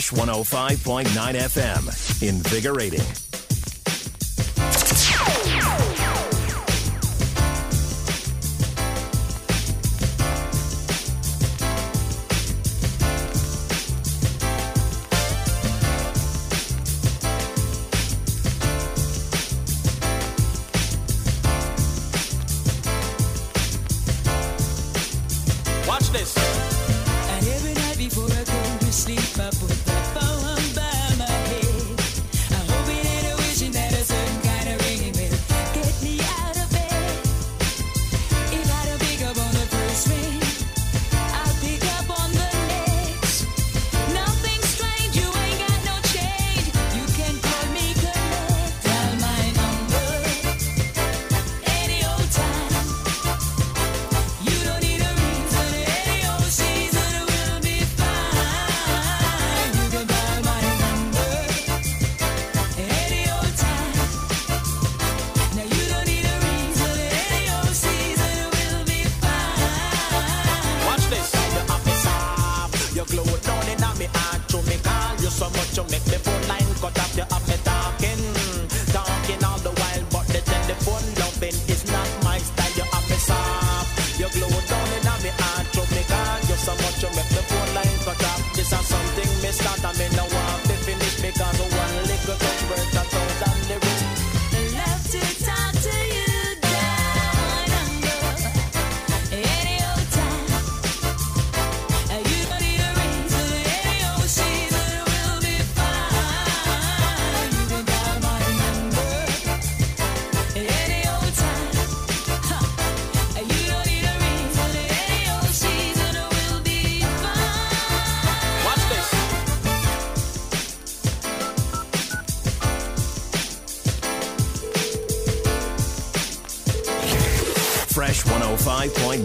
Fresh 105.9 FM. Invigorating. Watch this.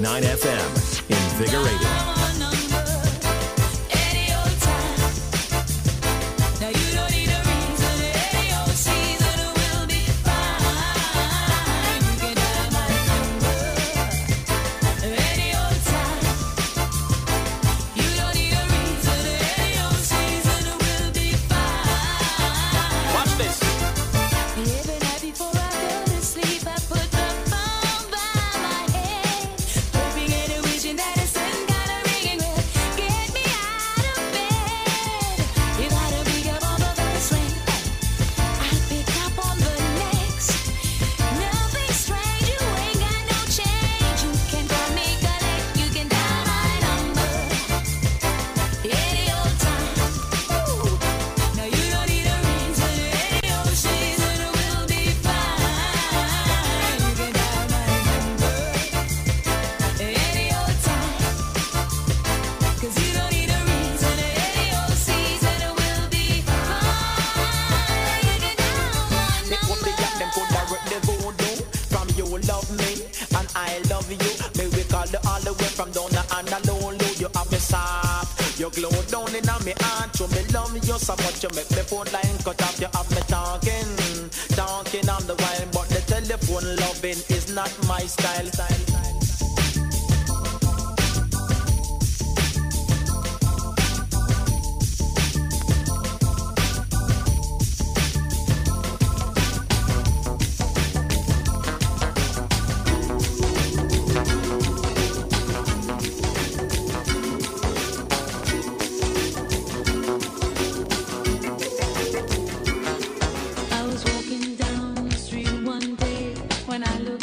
9FM. you're someone to make when I look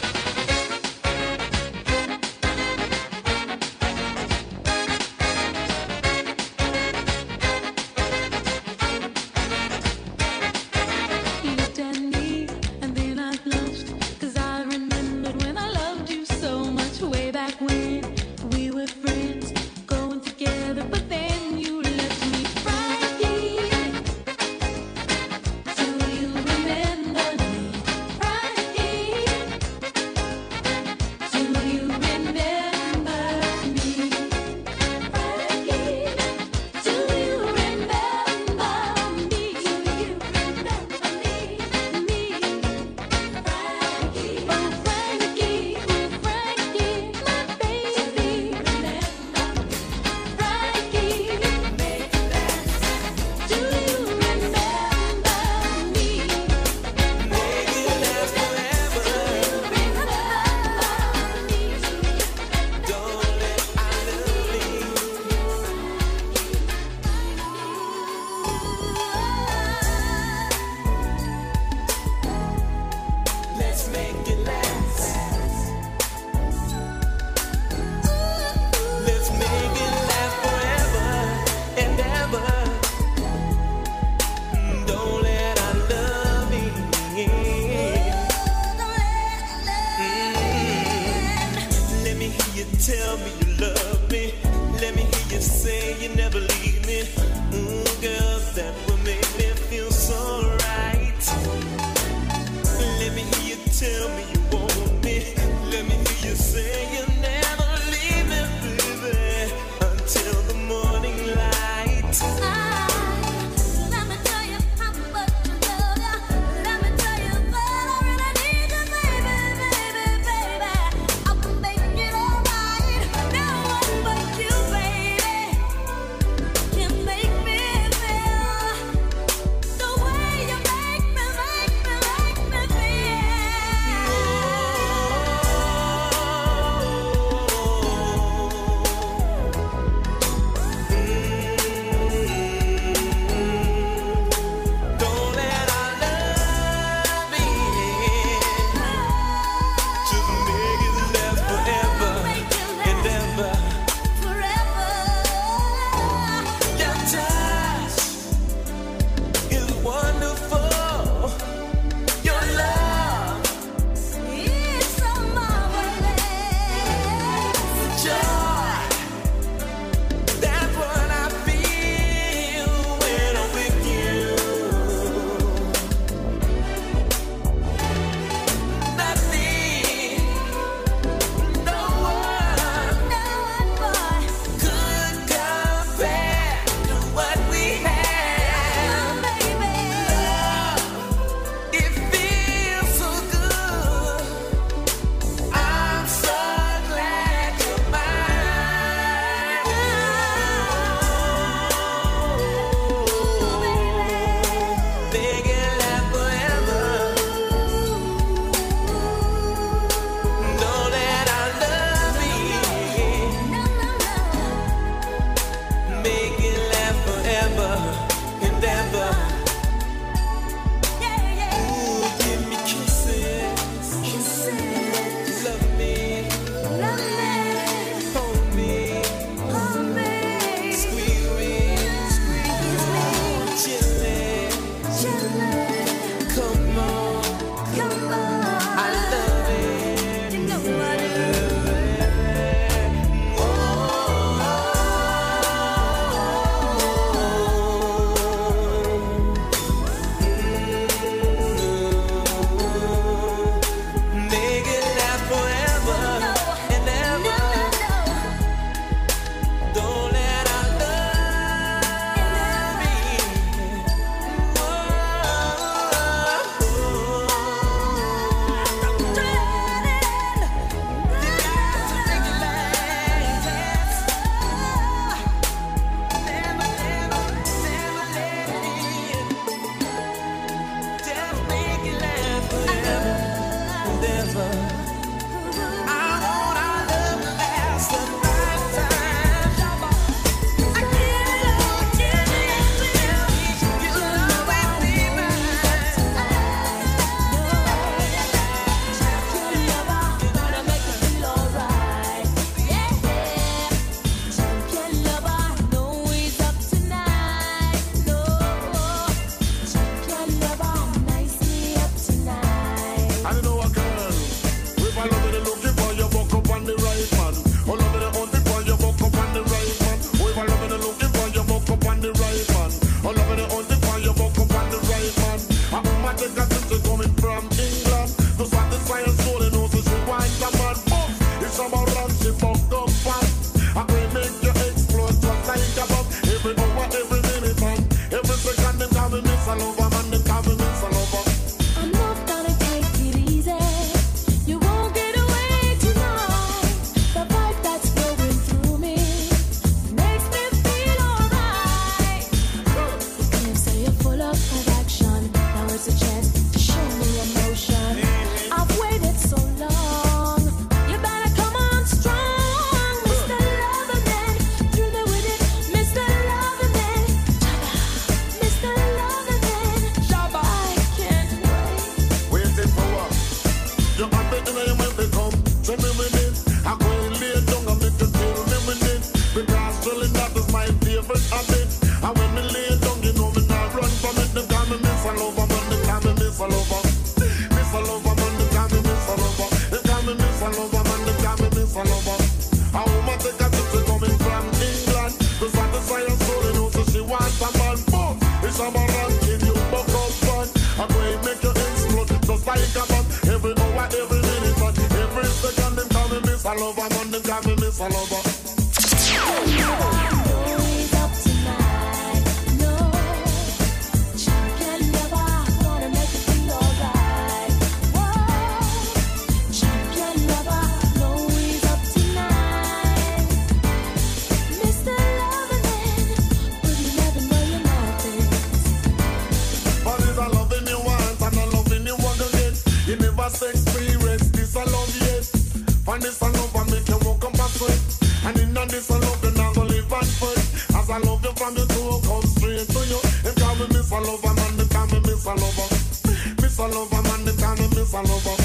lover, lover.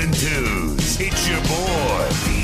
and twos. It's your boy,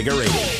invigorating.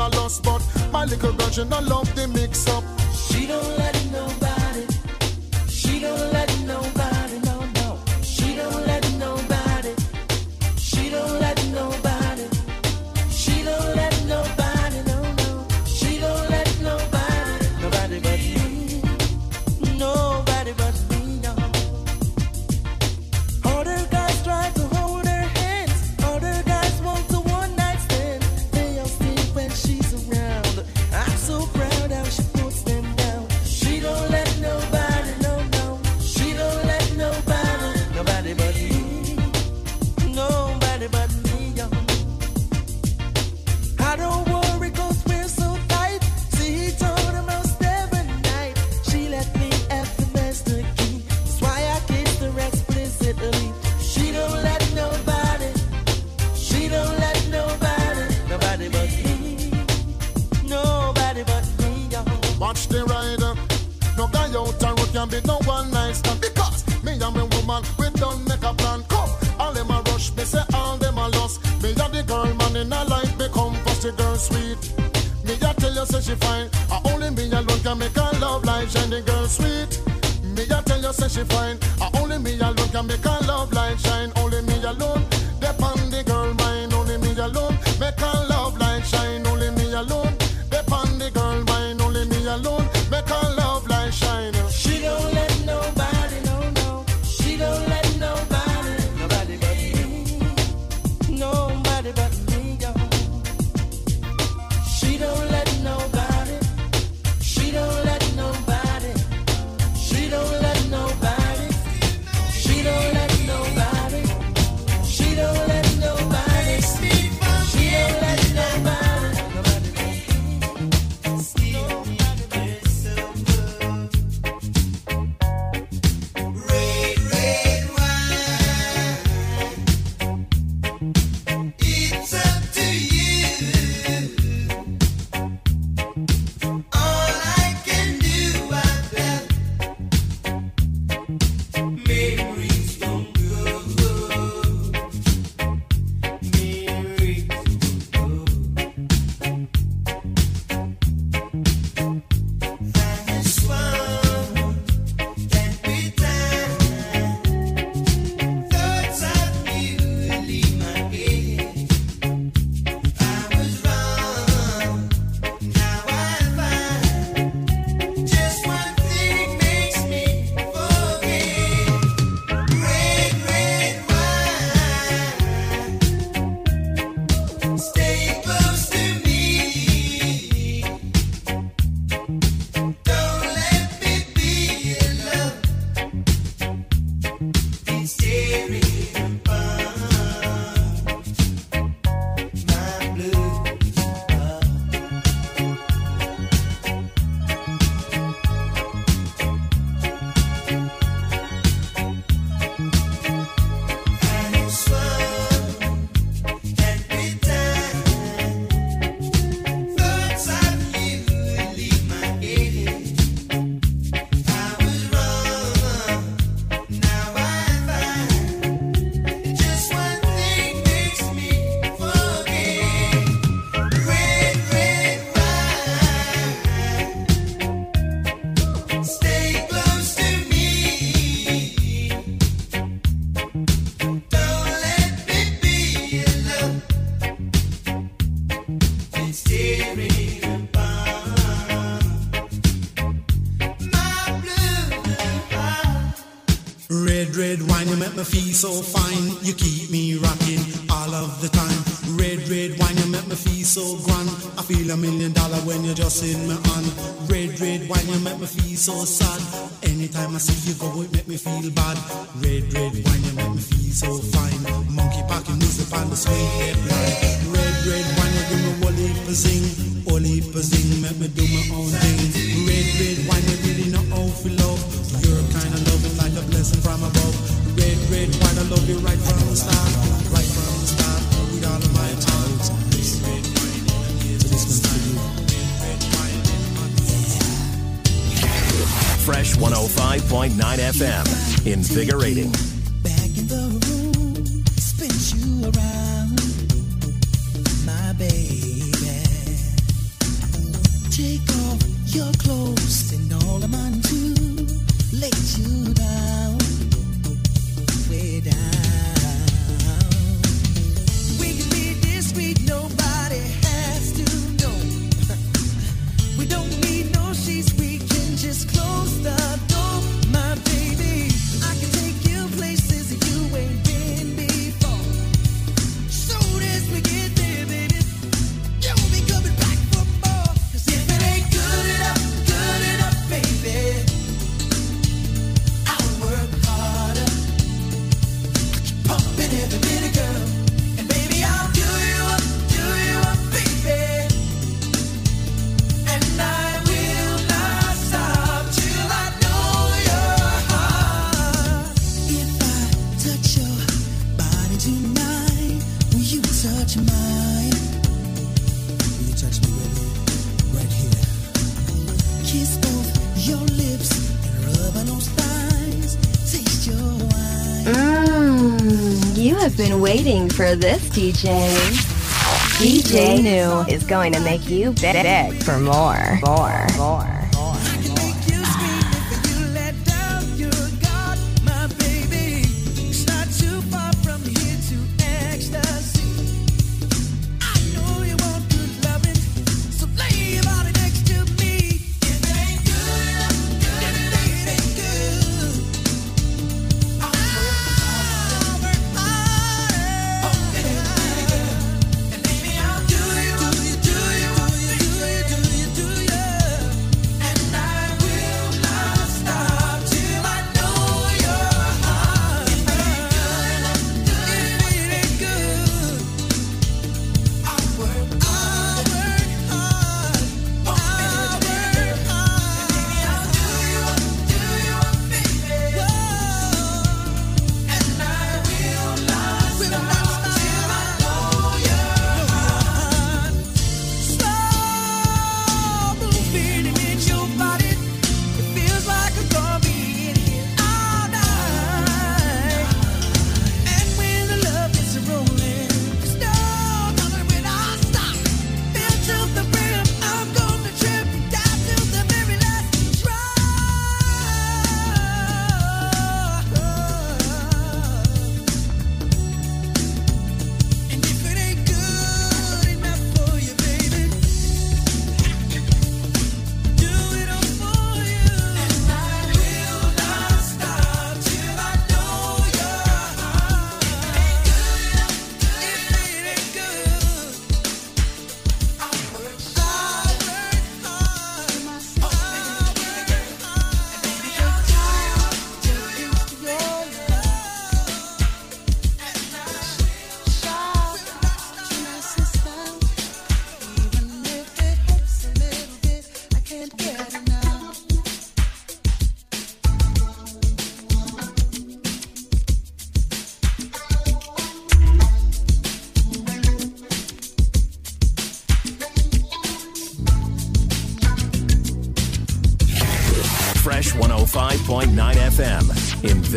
no lost, but my little girl, she no love them. so invigorating. for this DJ. DJ New is going to make you beg for more, more, more.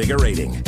invigorating.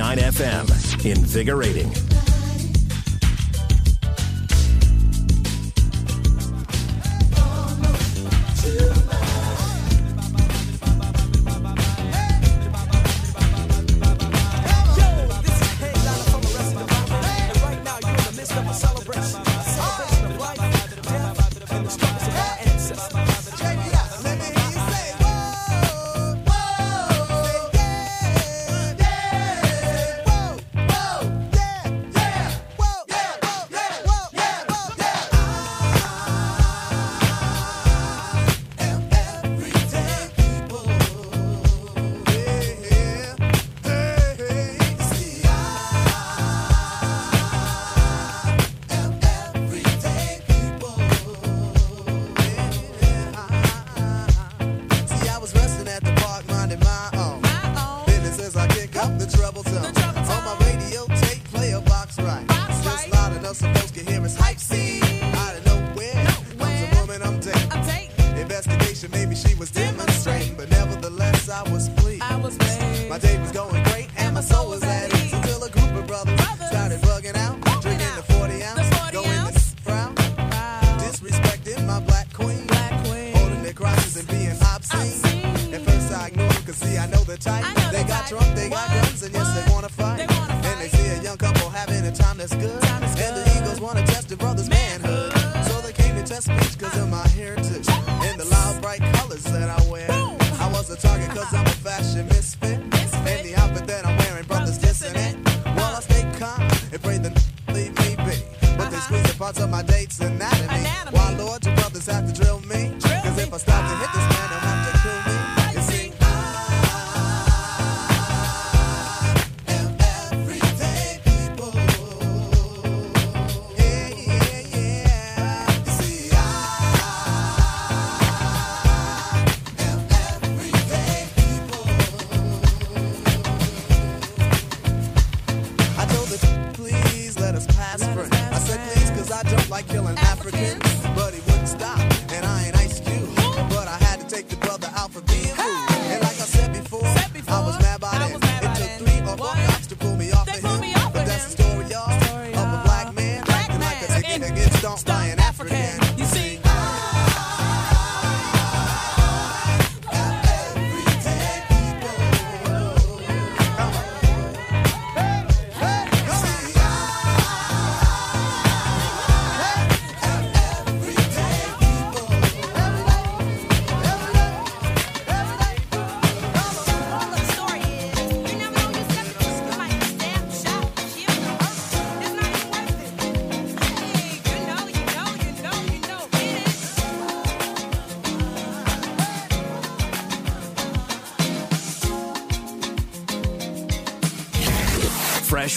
9 FM. Invigorating. the type. They got type. drunk, they what? got guns, and yes, they wanna fight. They wanna fight. And they see a young couple having a time that's good. Time and good. the egos wanna test the brother's manhood. manhood. So they came to test me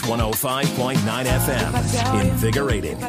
105.9 FM. Invigorating.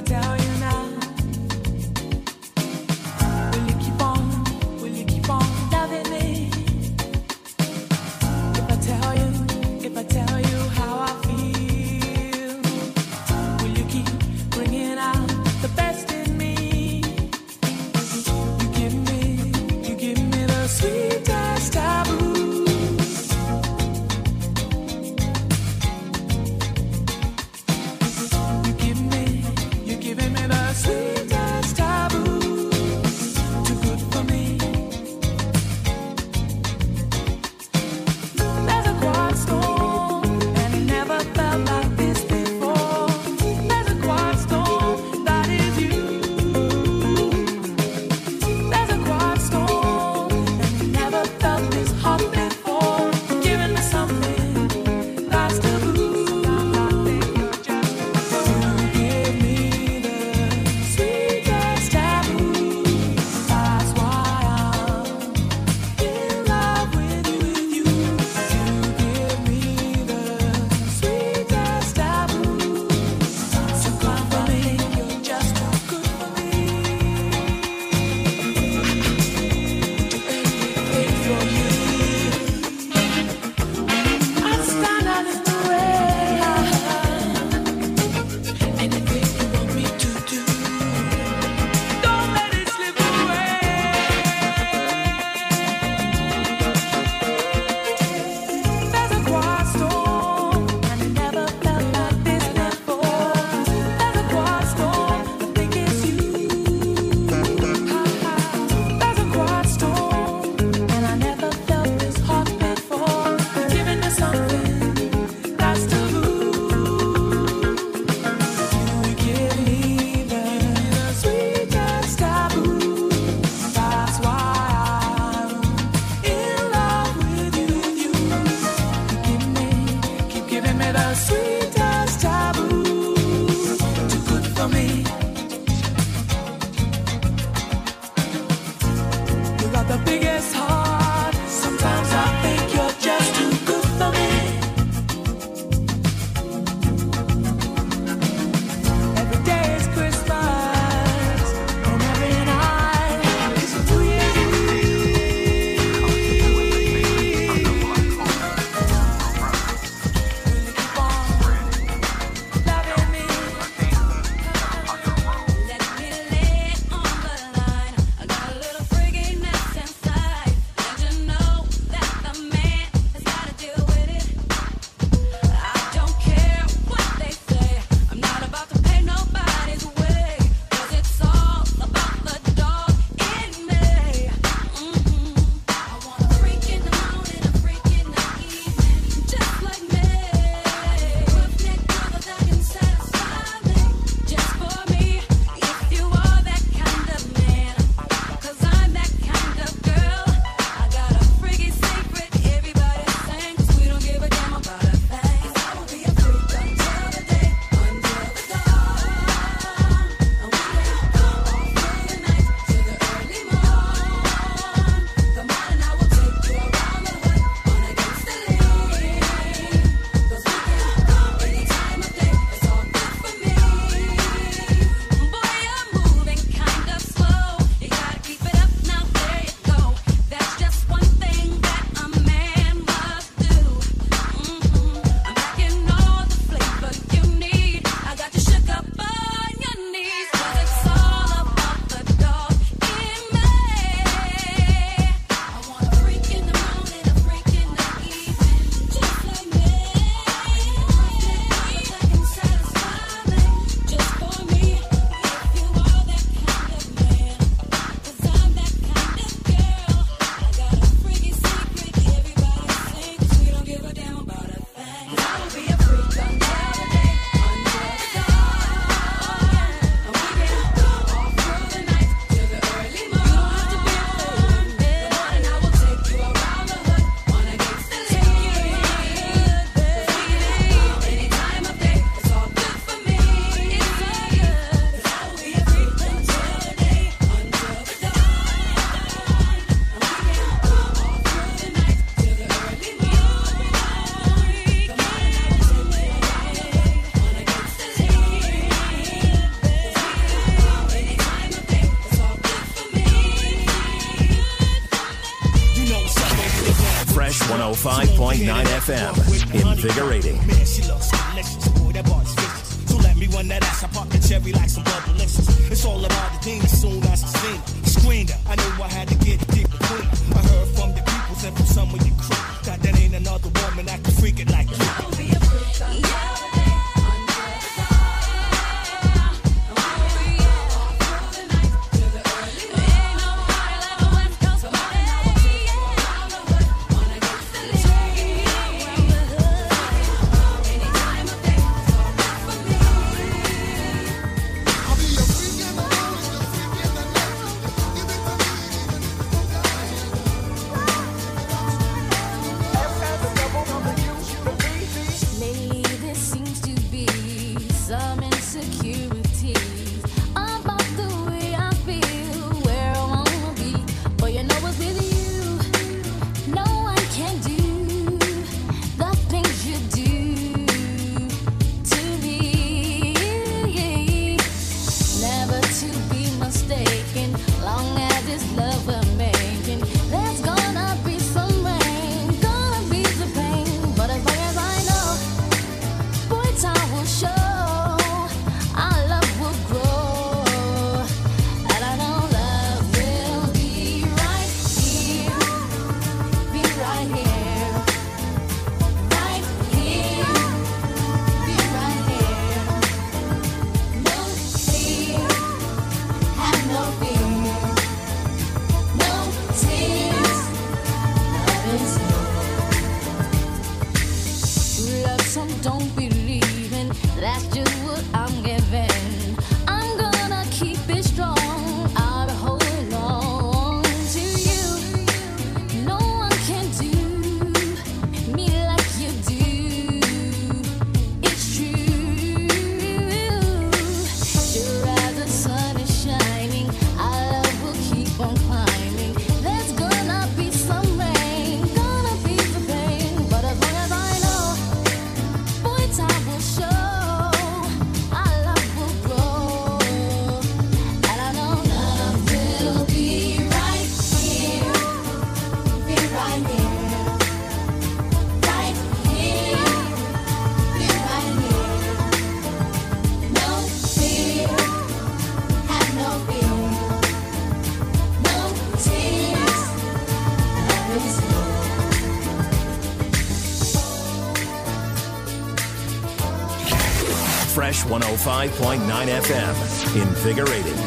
95.9 FM. Invigorating.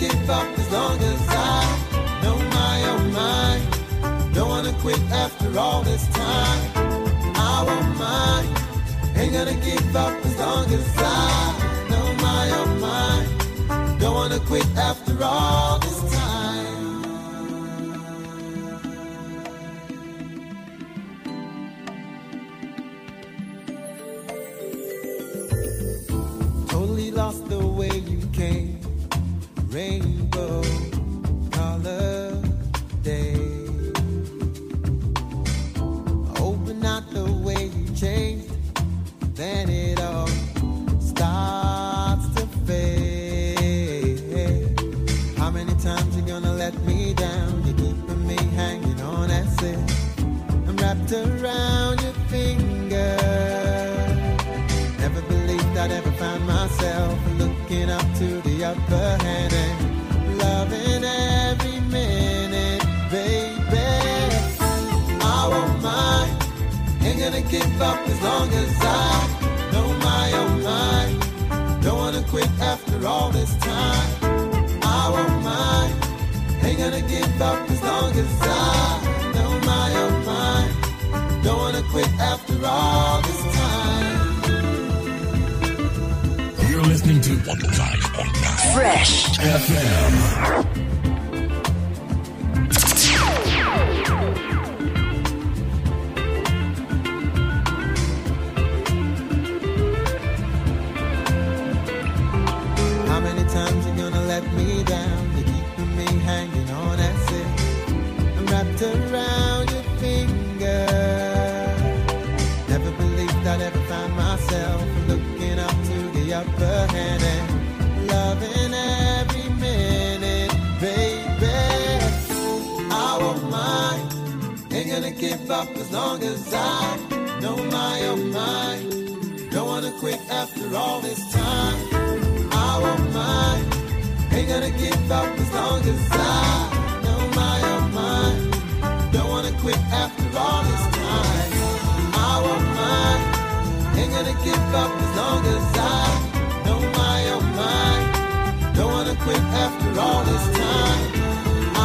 give up as long as I know my own mind. Don't wanna quit after all this time. I won't mind. Ain't gonna give up as long as I know my own mind. Don't wanna quit after all this rainbow. as long as I know my own mind. Don't wanna quit after all this time. I won't mind. Ain't gonna give up as long as I know my own mind. Don't wanna quit after all this time. You're listening to One Five on Fresh FM. wrapped around your finger. Never believed I'd ever find myself looking up to the upper hand and loving every minute, baby. I won't mind, ain't gonna give up as long as I know my own mind. Don't wanna quit after all this time. I won't mind, ain't gonna give up as long as I quit after all this time. I won't mind. Ain't gonna give up as long as I know my own mind. Don't wanna quit after all this time.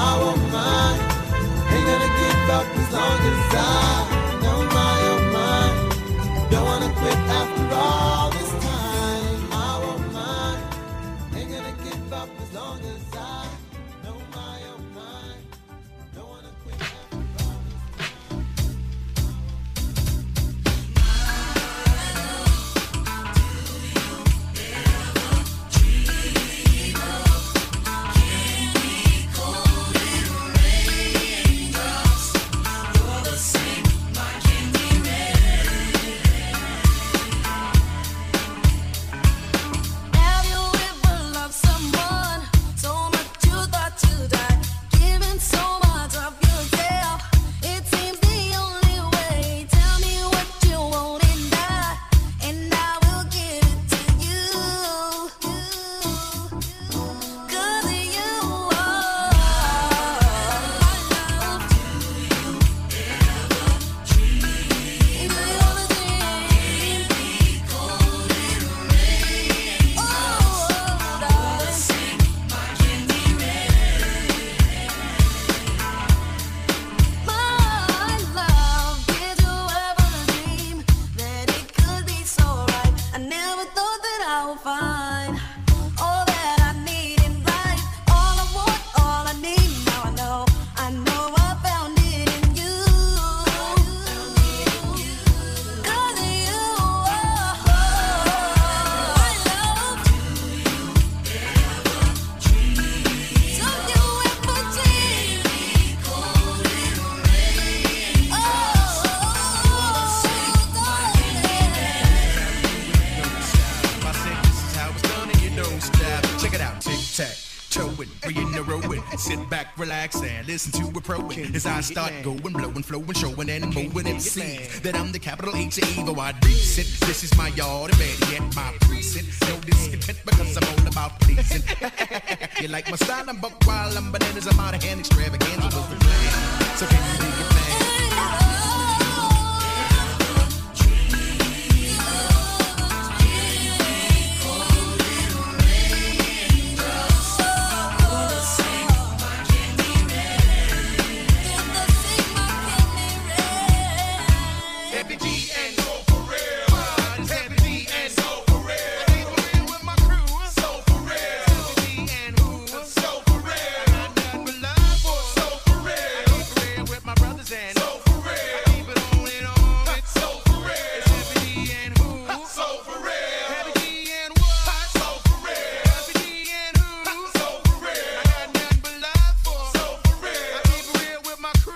I won't mind. Ain't gonna give up as long as I. As I start going, blowing, flowing, showing, and moving MCs that I'm the capital H of evil. I decent. This is my yard and bed. yet my precinct. No discontent because I'm all about pleasing. you like my style? I'm buck wild, I'm bananas. I'm out of hand. Extravaganza was the plan. So can you dig it, man?